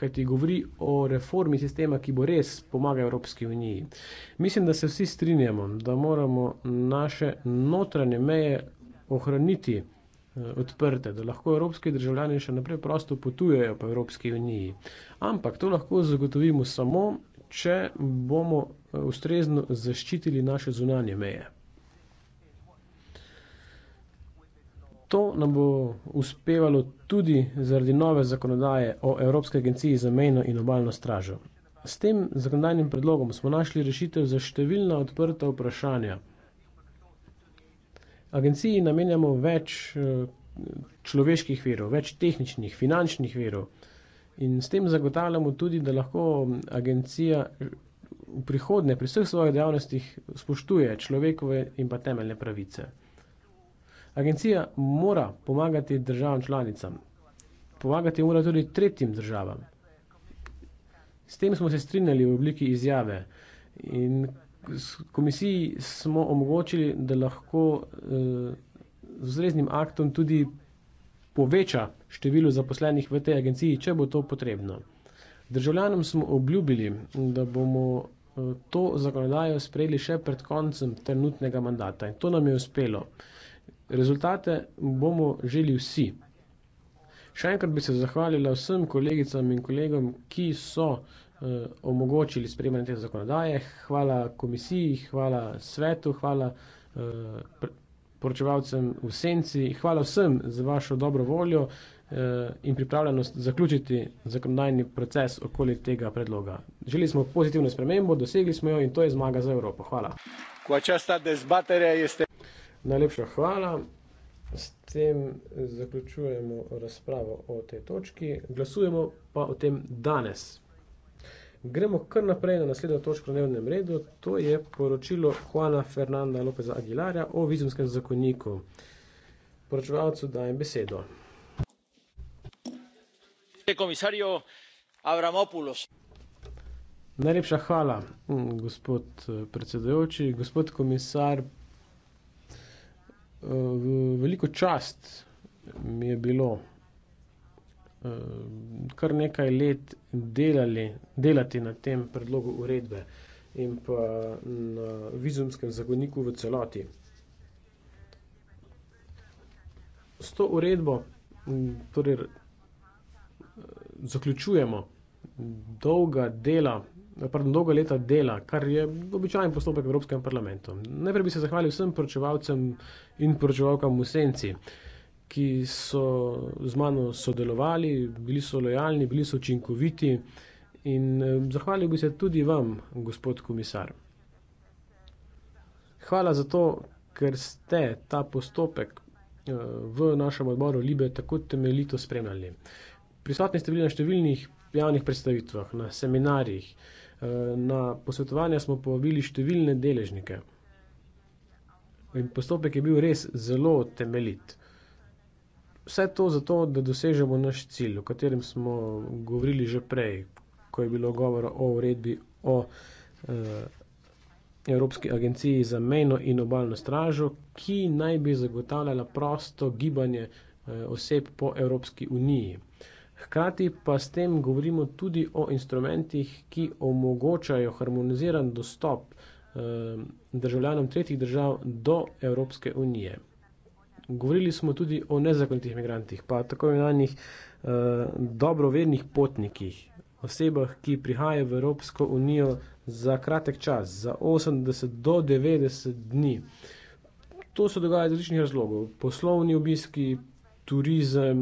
S3: kaj ti govori o reformi sistema, ki bo res pomagal Evropski uniji. Mislim, da se vsi strinjamo, da moramo naše notranje meje ohraniti eh, odprte, da lahko evropski državljani še naprej prosto potujejo po Evropski uniji. Ampak to lahko zagotovimo samo, če bomo eh, ustrezno zaščitili naše zunanje meje. To nam bo uspevalo tudi zaradi nove zakonodaje o Evropske agenciji za mejno in obaljno stražo. S tem zakonodajnim predlogom smo našli rešitev za številna odprta vprašanja. Agenciji namenjamo več eh, človeških verov, več tehničnih, finančnih verov in s tem zagotavljamo tudi, da lahko agencija eh, v prihodne pri vseh svojih dejavnostih spoštuje človekove in pa temeljne pravice. Agencija mora pomagati državam članicam, pomagati mora tudi tretjim državam. S tem smo se strinjali v obliki izjave in komisiji smo omogočili, da lahko eh, z ustreznim aktom tudi poveča število zaposlenih v tej agenciji, če bo to potrebno. Državljanom smo obljubili, da bomo eh, to zakonodajo sprejeli še pred koncem trenutnega mandata in to nam je uspelo rezultate bomo želi vsi. Še enkrat bi se zahvalila vsem kolegicam in kolegom, ki so eh, omogočili sprejemanje te zakonodaje. Hvala komisiji, hvala svetu, hvala eh, poročevalcem v senci, hvala vsem za vašo dobro voljo eh, in pripravljenost zaključiti zakonodajni proces okoli tega predloga. Želeli smo pozitivno spremembo, dosegli smo jo in to je zmaga za Evropo. Hvala. Ko
S5: časta dezbaterja jeste.
S3: Najlepša hvala. S tem zaključujemo razpravo o tej točki. Glasujemo pa o tem danes. Gremo kar naprej na naslednjo točko na dnevnem redu. To je poročilo Juana Fernanda Lopeza Aguilarja o vizumskem zakoniku. Poročevalcu dajem besedo. Najlepša hvala, gospod eh, predsedujoči. Gospod komisar, veliko čast mi je bilo eh, kar nekaj let delali, delati na tem predlogu uredbe in pa na vizumskem zagoniku v celoti. S to uredbo torej, eh, zaključujemo dolga dela pardon, dolga leta dela, kar je običajen postopek v Evropskem parlamentu. Najprej bi se zahvalil vsem poročevalcem in poročevalkam v Senci, ki so z mano sodelovali, bili so lojalni, bili so učinkoviti in eh, zahvalil bi se tudi vam, gospod komisar. Hvala za to, ker ste ta postopek eh, v našem odboru Libe tako temeljito spremljali. Prisotni ste bili na številnih javnih predstavitvah, na seminarjih, Eh, na posvetovanja smo povabili številne deležnike. In postopek je bil res zelo temeljit. Vse to zato, da dosežemo naš cilj, o katerem smo govorili že prej, ko je bilo govora o uredbi o eh, Evropski agenciji za mejno in obaljno stražo, ki naj bi zagotavljala prosto gibanje eh, oseb po Evropski uniji. Eh, Hkrati pa s tem govorimo tudi o instrumentih, ki omogočajo harmoniziran dostop ehm, državljanom tretjih držav do Evropske unije. Govorili smo tudi o nezakonitih migrantih, pa tako imenovanih ehm, dobrovernih potnikih, osebah, ki prihajajo v Evropsko unijo za kratek čas, za 80 do 90 dni. To se dogaja iz različnih razlogov. Poslovni obiski, turizem,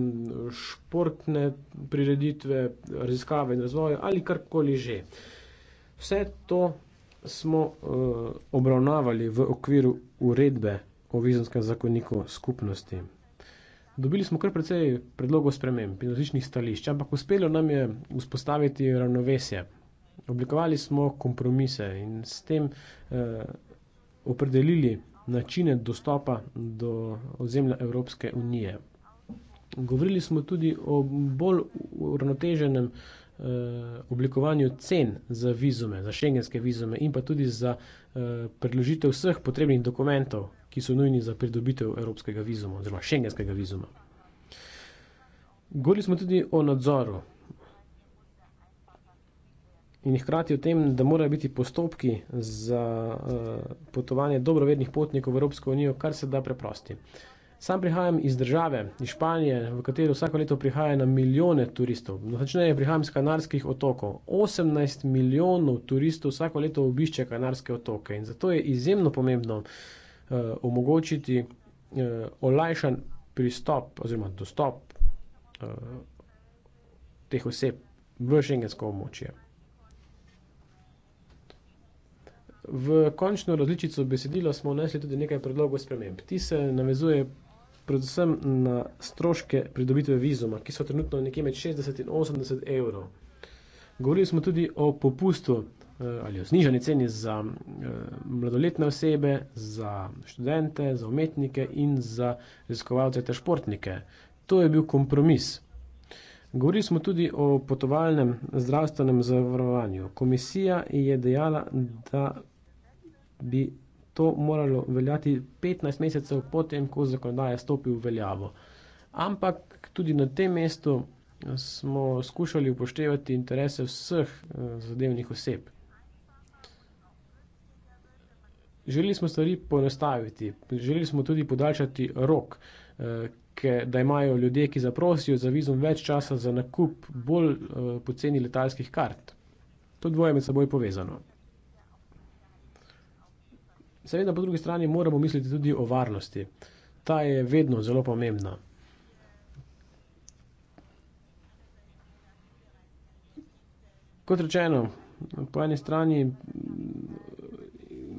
S3: športne prireditve, raziskave in razvoj ali karkoli že. Vse to smo uh, obravnavali v okviru uredbe o vizumskem zakoniku skupnosti. Dobili smo kar precej predlogov sprememb in različnih stališč, ampak uspelo nam je vzpostaviti ravnovesje. Oblikovali smo kompromise in s tem eh, opredelili načine dostopa do ozemlja Evropske unije. Govorili smo tudi o bolj uravnoteženem eh, oblikovanju cen za vizume, za šengenske vizume in pa tudi za eh, predložitev vseh potrebnih dokumentov, ki so nujni za pridobitev evropskega vizuma oziroma šengenskega vizuma. Govorili smo tudi o nadzoru in hkrati o tem, da morajo biti postopki za eh, potovanje dobrovednih potnikov v Evropsko unijo kar se da preprosti. Eh, Sam prihajam iz države, iz Španije, v katero vsako leto prihaja na milijone turistov. No, začneje prihajam iz Kanarskih otokov. 18 milijonov turistov vsako leto obišče Kanarske otoke in zato je izjemno pomembno uh, omogočiti uh, olajšan pristop oziroma dostop uh, teh oseb v šengensko območje. V končno različico besedila smo vnesli tudi nekaj predlogov sprememb. Ti se navezuje predvsem na stroške pridobitve vizuma, ki so trenutno nekje med 60 in 80 evrov. Govorili smo tudi o popustu eh, ali o znižani ceni za eh, mladoletne osebe, za študente, za umetnike in za raziskovalce ter športnike. To je bil kompromis. Govorili smo tudi o potovalnem zdravstvenem zavarovanju. Komisija je dejala, da bi to moralo veljati 15 mesecev potem, ko zakonodaja stopi v veljavo. Ampak tudi na tem mestu eh, smo skušali upoštevati interese vseh eh, zadevnih oseb. Želeli smo stvari ponestaviti, želeli smo tudi podaljšati rok, eh, da imajo ljudje, ki zaprosijo za vizum več časa za nakup bolj poceni letalskih kart. To dvoje med seboj povezano. Seveda, po drugi strani moramo misliti tudi o varnosti. Ta je vedno zelo pomembna. Kot rečeno, po eni strani mm,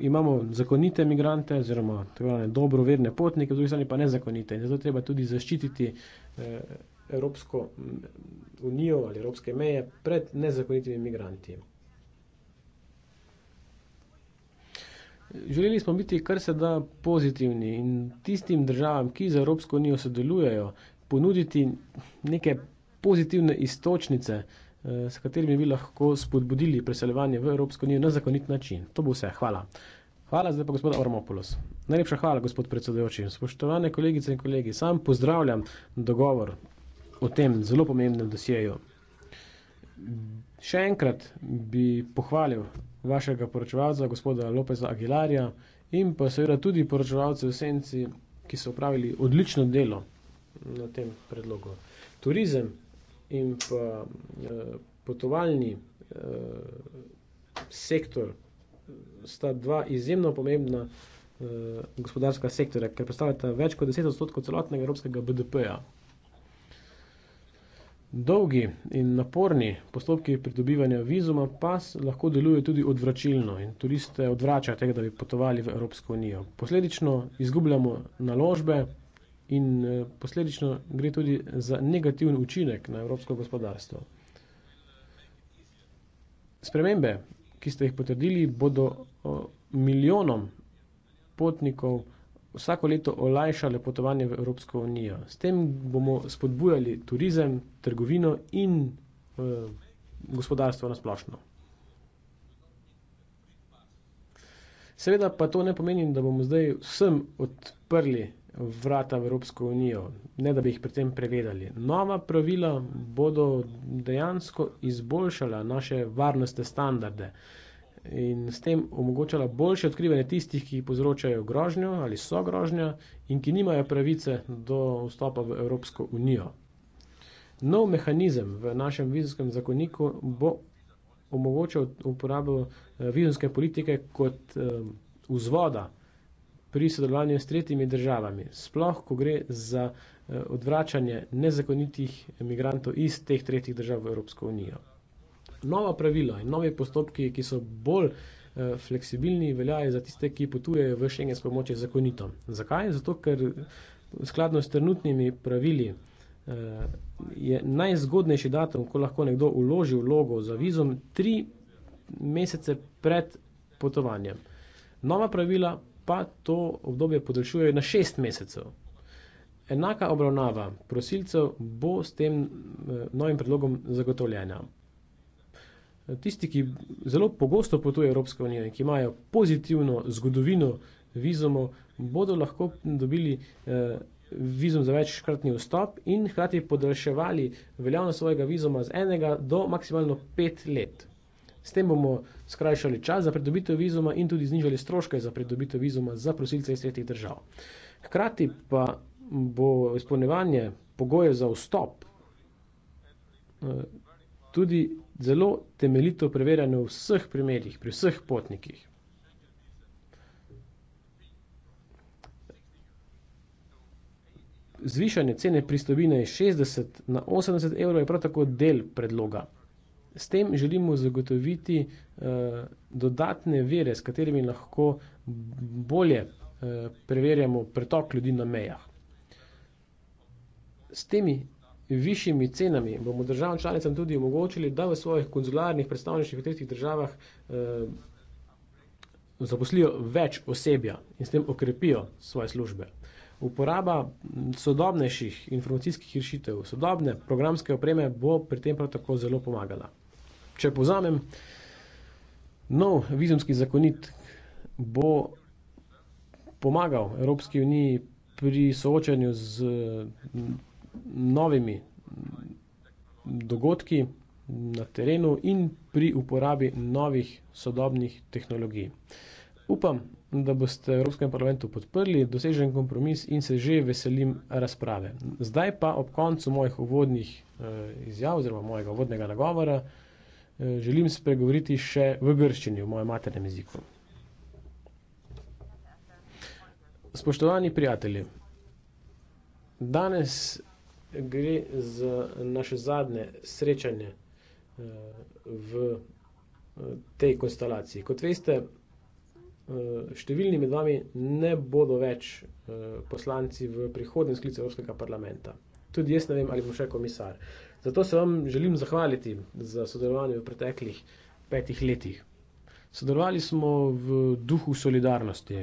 S3: imamo zakonite imigrante, oziroma dobro verne potnike, po drugi strani pa nezakonite. In zato treba tudi zaščititi eh, Evropsko mm, unijo ali Evropske meje pred nezakonitimi imigranti. Želeli smo biti kar se da pozitivni in tistim državam, ki z Evropsko unijo sodelujejo, ponuditi neke pozitivne istočnice, eh, s katerimi bi lahko spodbudili preseljevanje v Evropsko unijo na zakonit način. To bo vse. Hvala. Hvala zdaj pa gospod Armopoulos. Najlepša hvala, gospod predsedujoči. Spoštovane kolegice in kolegi, sam pozdravljam dogovor o tem zelo pomembnem dosjeju. Še enkrat bi pohvalil vašega poročevalca, gospoda Lopeza Aguilarja, in pa seveda tudi poročevalce v Senci, ki so upravili odlično delo na tem predlogu. Turizem in pa eh, potovalni eh, sektor eh, sta dva izjemno pomembna eh, gospodarska sektora, ker predstavljata več kot 10 odstotkov celotnega evropskega BDP-ja. Dolgi in naporni postopki pridobivanja vizuma pa lahko delujejo tudi odvračilno in turiste odvračajo tega, da bi potovali v Evropsko unijo. Posledično izgubljamo naložbe in eh, posledično gre tudi za negativen učinek na evropsko gospodarstvo. Spremembe, ki ste jih potrdili, bodo eh, milijonom potnikov vsako leto olajšale potovanje v Evropsko unijo. S tem bomo spodbujali turizem, trgovino in eh, gospodarstvo nasplošno. Seveda pa to ne pomeni, da bomo zdaj vsem odprli vrata v Evropsko unijo, ne da bi jih pri tem pregledali. Nova pravila bodo dejansko izboljšala naše varnostne standarde. Eh, in s tem omogočala boljše odkrivanje tistih, ki povzročajo grožnjo ali so grožnja in ki nimajo pravice do vstopa v Evropsko unijo. Nov mehanizem v našem vizijskem zakoniku bo omogočal uporabo eh, vizijske politike kot eh, vzvoda pri sodelovanju s tretjimi državami, sploh ko gre za eh, odvračanje nezakonitih emigrantov iz teh tretjih držav v Evropsko unijo nova pravila in nove postopki, ki so bolj eh, fleksibilni, veljajo za tiste, ki potujejo v šengensko območje zakonito. Zakaj? Zato, ker skladno s trenutnimi pravili eh, je najzgodnejši datum, ko lahko nekdo uloži vlogo za vizum, tri mesece pred potovanjem. Nova pravila pa to obdobje podaljšujejo na šest mesecev. Enaka obravnava prosilcev bo s tem eh, novim predlogom zagotovljena. Tisti, ki zelo pogosto potujejo Evropsko unijo in ki imajo pozitivno zgodovino vizumov, bodo lahko dobili eh, vizum za večkratni vstop in hkrati podaljševali veljavnost svojega vizuma z enega do maksimalno pet let. S tem bomo skrajšali čas za pridobitev vizuma in tudi znižali stroške za pridobitev vizuma za prosilce iz tretjih držav. Hkrati pa bo izpolnevanje pogojev za vstop eh, tudi zelo temeljito preverjane v vseh primerjih, pri vseh potnikih. Zvišanje cene pristojbine iz 60 na 80 evrov je prav tako del predloga. S tem želimo zagotoviti uh, dodatne vere, s katerimi lahko bolje uh, preverjamo pretok ljudi na mejah. S temi višjimi cenami bomo državam članicam tudi omogočili, da v svojih konzularnih predstavniških v tretjih državah eh, zaposlijo več osebja in s tem okrepijo svoje službe. Uporaba sodobnejših informacijskih rešitev, sodobne programske opreme bo pri tem prav tako zelo pomagala. Če pozamem, nov vizumski zakonit bo pomagal Evropski uniji pri soočanju z novimi dogodki na terenu in pri uporabi novih sodobnih tehnologij. Upam, da boste v Evropskem parlamentu podprli dosežen kompromis in se že veselim razprave. Zdaj pa ob koncu mojih uvodnih eh, izjav oziroma mojega uvodnega nagovora eh, želim spregovoriti še v grščini, v mojem maternem jeziku. Spoštovani prijatelji, danes gre za naše zadnje srečanje eh, v eh, tej konstelaciji. Kot veste, eh, številni med vami ne bodo več poslanci v prihodnem sklicu Evropskega parlamenta. Tudi jaz ne vem, ali bom še komisar. Zato se vam želim zahvaliti za sodelovanje v preteklih petih letih. Sodelovali smo v duhu solidarnosti,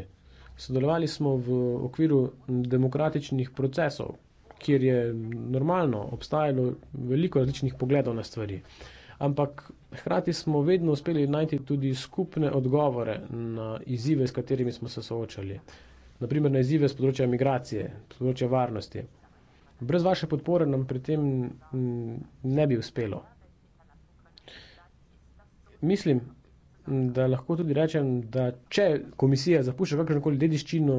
S3: sodelovali smo v okviru demokratičnih procesov, kjer je normalno obstajalo veliko različnih pogledov na stvari. Ampak hkrati smo vedno uspeli najti tudi skupne odgovore na izzive, s katerimi smo se soočali. Naprimer na izzive z področja migracije, z področja varnosti. Brez vaše podpore nam pri tem mm, ne bi uspelo. Mislim, da lahko tudi rečem, da če komisija zapušča kakršnokoli dediščino,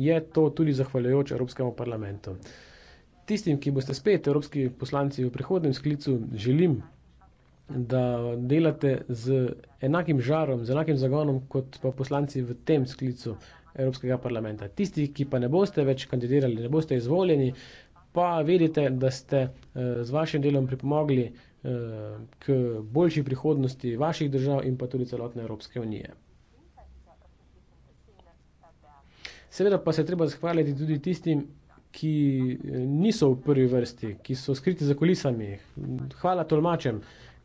S3: je to tudi zahvaljujoč Evropskemu parlamentu tistim, ki boste spet evropski poslanci v prihodnem sklicu, želim, da delate z enakim žarom, z enakim zagonom kot pa poslanci v tem sklicu Evropskega parlamenta. Tisti, ki pa ne boste več kandidirali, ne boste izvoljeni, pa vedite, da ste eh, z vašim delom pripomogli eh, k boljši prihodnosti vaših držav in pa tudi celotne Evropske unije. Seveda pa se treba zahvaliti tudi tistim, ki eh, niso v prvi vrsti, ki so skriti za kulisami. Hvala tolmačem,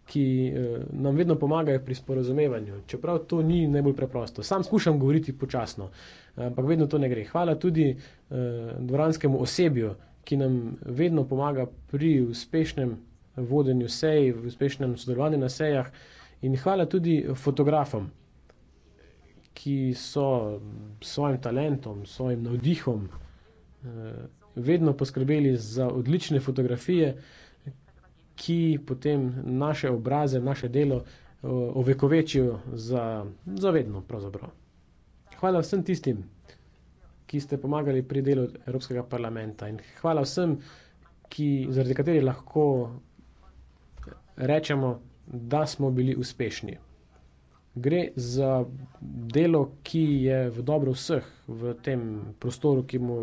S3: ki eh, nam vedno pomagajo pri sporozumevanju, čeprav to ni najbolj preprosto. Sam skušam govoriti počasno, ampak vedno to ne gre. Hvala tudi eh, dvoranskemu osebju, ki nam vedno pomaga pri uspešnem vodenju sej, v uspešnem sodelovanju na sejah. In hvala tudi fotografom. Ki so s svojim talentom, s svojim navdihom, Eh, vedno poskrbeli za odlične fotografije, ki potem naše obraze, naše delo eh, ovekovečijo za, za vedno pravzaprav. Hvala vsem tistim, ki ste pomagali pri delu Evropskega parlamenta in hvala vsem, ki, zaradi katerih lahko rečemo, da smo bili uspešni. Gre za delo, ki je v dobro vseh v tem prostoru, ki mu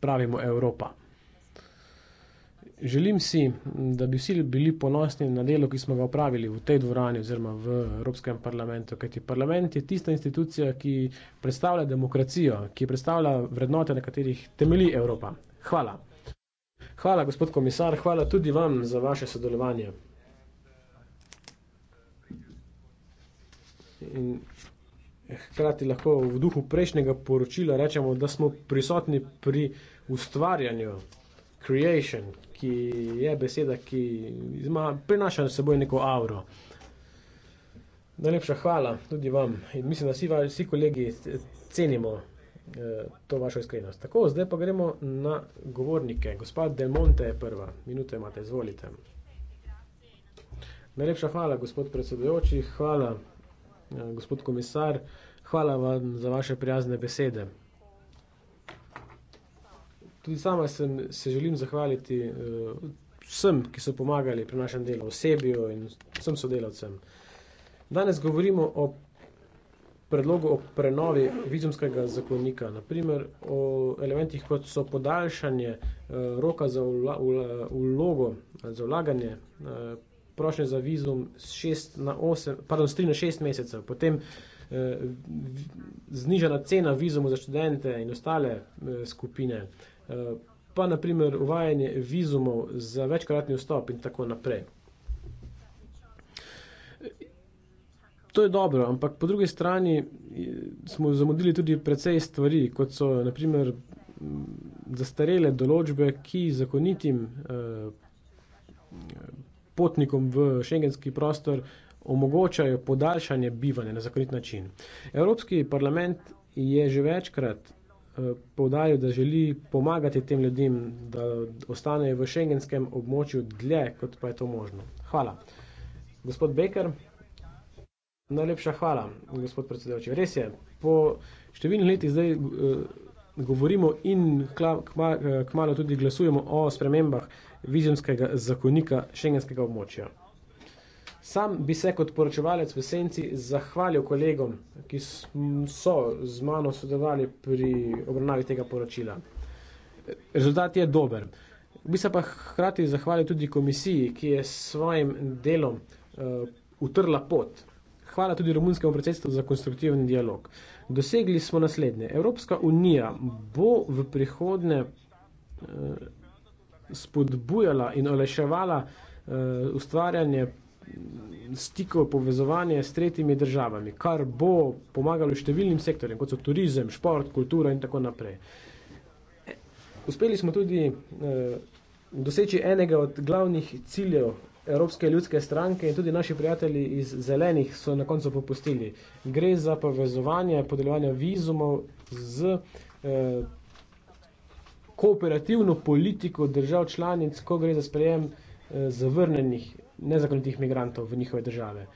S3: pravimo Evropa. Želim si, da bi vsi bili ponosni na delo, ki smo ga opravili v tej dvorani oziroma v Evropskem parlamentu, kajti parlament je tista institucija, ki predstavlja demokracijo, ki predstavlja vrednote, na katerih temeli Evropa. Hvala. Hvala, gospod komisar, hvala tudi vam za vaše sodelovanje. In hkrati lahko v duhu prejšnjega poročila rečemo, da smo prisotni pri ustvarjanju, creation, ki je beseda, ki izma, prinaša s seboj neko avro. Najlepša hvala tudi vam in mislim, da vsi, vsi kolegi cenimo eh, to vašo iskrenost. Tako, zdaj pa gremo na govornike. Gospod Delmonte je prva. Minuto imate, izvolite. Najlepša hvala, gospod predsedujoči. Hvala. Ja, gospod komisar, hvala vam za vaše prijazne besede. Tudi sama sem, se želim zahvaliti eh, vsem, ki so pomagali pri našem delu, osebju in vsem sodelavcem. Danes govorimo o predlogu o prenovi vizumskega zakonika, naprimer o elementih, kot so podaljšanje eh, roka za vlogo, za vlaganje eh, prošnje za vizum z 6 na 8, pardon, z 3 na 6 mesecev, potem eh, znižana cena vizumu za študente in ostale eh, skupine, eh, pa naprimer uvajanje vizumov za večkratni vstop in tako naprej. To je dobro, ampak po drugi strani eh, smo zamudili tudi precej stvari, kot so naprimer zastarele določbe, ki zakonitim eh, potnikom v šengenski prostor omogočajo podaljšanje bivanja na zakonit način. Evropski parlament je že večkrat eh, povdaril, da želi pomagati tem ljudem, da ostanejo v šengenskem območju dlje, kot pa je to možno. Hvala. Gospod Becker, najlepša hvala, gospod predsedevče. Res je, po številnih letih zdaj. Uh, govorimo in eh, kmalo tudi glasujemo o spremembah vizijonskega zakonika šengenskega območja. Sam bi se kot poročevalec v senci zahvalil kolegom, ki so z mano sodelovali pri obravnavi tega poročila. Rezultat je dober. Bi se pa hkrati zahvalil tudi komisiji, ki je s svojim delom uh, utrla pot. Hvala tudi romunskemu predsedstvu za konstruktiven dialog dosegli smo naslednje. Evropska unija bo v prihodne eh, spodbujala in olajševala eh, ustvarjanje stikov, povezovanje s tretjimi državami, kar bo pomagalo številnim sektorjem, kot so turizem, šport, kultura in tako naprej. Uspeli smo tudi eh, doseči enega od glavnih ciljev Evropske ljudske stranke in tudi naši prijatelji iz zelenih so na koncu popustili. Gre za povezovanje, podeljevanje vizumov z eh, kooperativno politiko držav članic, ko gre za sprejem eh, zavrnenih nezakonitih migrantov v njihove države.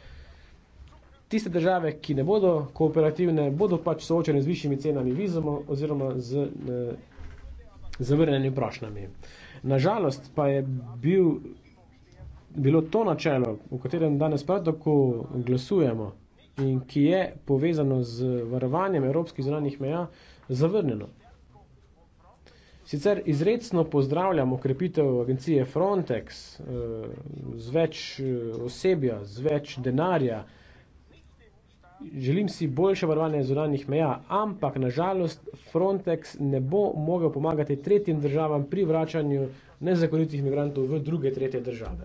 S3: Tiste države, ki ne bodo kooperativne, bodo pač soočene z višjimi cenami vizumov oziroma z eh, zavrnenimi prošnami. Nažalost pa je bil bilo to načelo, o katerem danes prav tako glasujemo in ki je povezano z varovanjem evropskih zunanjih meja, zavrnjeno. Sicer izredno pozdravljam okrepitev agencije Frontex eh, z več eh, osebja, z več denarja. Želim si boljše varovanje zunanjih meja, ampak nažalost Frontex ne bo mogel pomagati tretjim državam pri vračanju nezakonitih migrantov v druge tretje države.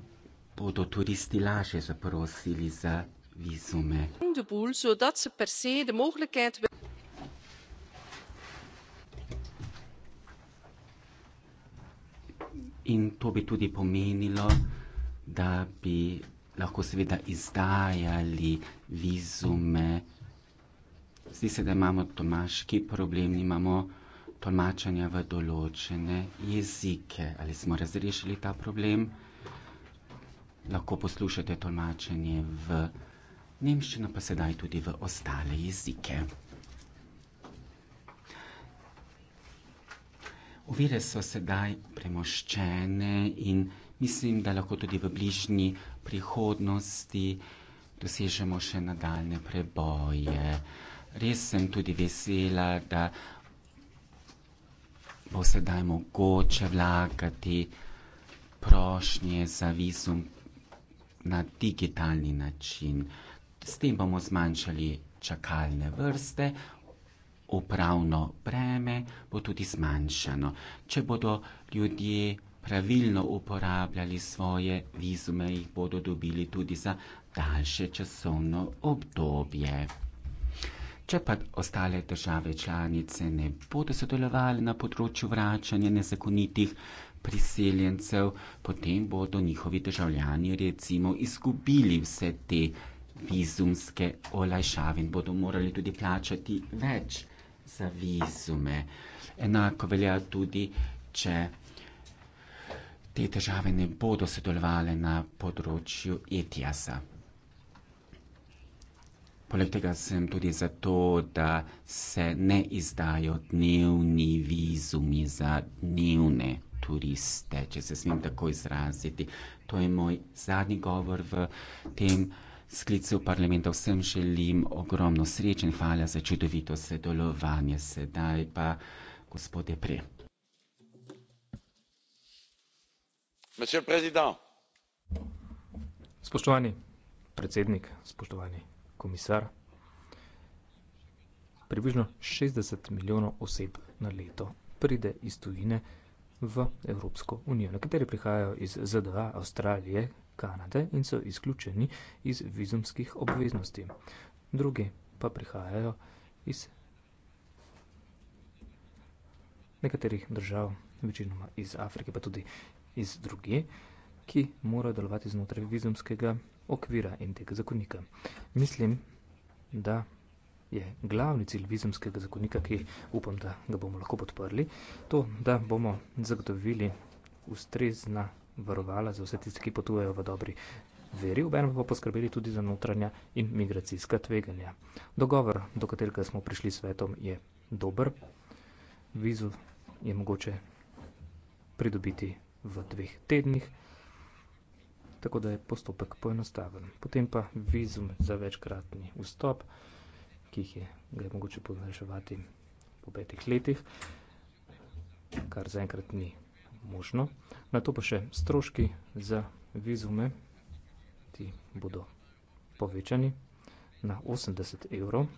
S6: bodo turisti lažje zaprosili za vizume. In to bi tudi pomenilo, da bi lahko seveda izdajali vizume. Zdi se, da imamo tomaški problem, imamo tolmačenja v določene jezike. Ali smo razrešili ta problem? lahko poslušate tolmačenje v nemščino, pa sedaj tudi v ostale jezike. Ovire so sedaj premoščene in mislim, da lahko tudi v bližnji prihodnosti dosežemo še nadaljne preboje. Res sem tudi vesela, da bo sedaj mogoče vlagati prošnje za vizum na digitalni način. S tem bomo zmanjšali čakalne vrste, upravno breme bo tudi zmanjšano. Če bodo ljudje pravilno uporabljali svoje vizume, jih bodo dobili tudi za daljše časovno obdobje. Če pa ostale države članice ne bodo sodelovali na področju vračanja nezakonitih priseljencev, potem bodo njihovi državljani recimo izgubili vse te vizumske olajšave in bodo morali tudi plačati več za vizume. Enako velja tudi, če te države ne bodo sodelovale na področju ETIAS-a. Poleg tega sem tudi zato, da se ne izdajo dnevni vizumi za dnevne turiste, če se smem tako izraziti. To je moj zadnji govor v tem sklicu parlamenta. Vsem želim ogromno sreče in hvala za čudovito sodelovanje. Sedaj pa gospod Depre.
S7: Spoštovani predsednik, spoštovani komisar. Približno šestdeset milijonov oseb na leto pride iz tujine v Evropsko unijo. Nekateri prihajajo iz ZDA, Avstralije, Kanade in so izključeni iz vizumskih obveznosti. Drugi pa prihajajo iz nekaterih držav, večinoma iz Afrike, pa tudi iz druge, ki morajo delovati znotraj vizumskega okvira in tega zakonika. Mislim, da je glavni cilj vizumskega zakonika, ki upam, da ga bomo lahko podprli, to, da bomo zagotovili ustrezna varovala za vse tiste, ki potujejo v dobri veri, obenem pa poskrbeli tudi za notranja in migracijska tveganja. Dogovor, do katerega smo prišli s svetom, je dober. Vizu je mogoče pridobiti v dveh tednih, tako da je postopek poenostaven. Potem pa vizum za večkratni vstop ki jih je, je mogoče podaljševati po petih letih, kar zaenkrat ni možno. Na to pa še stroški za vizume, ti bodo povečani na 80 evrov.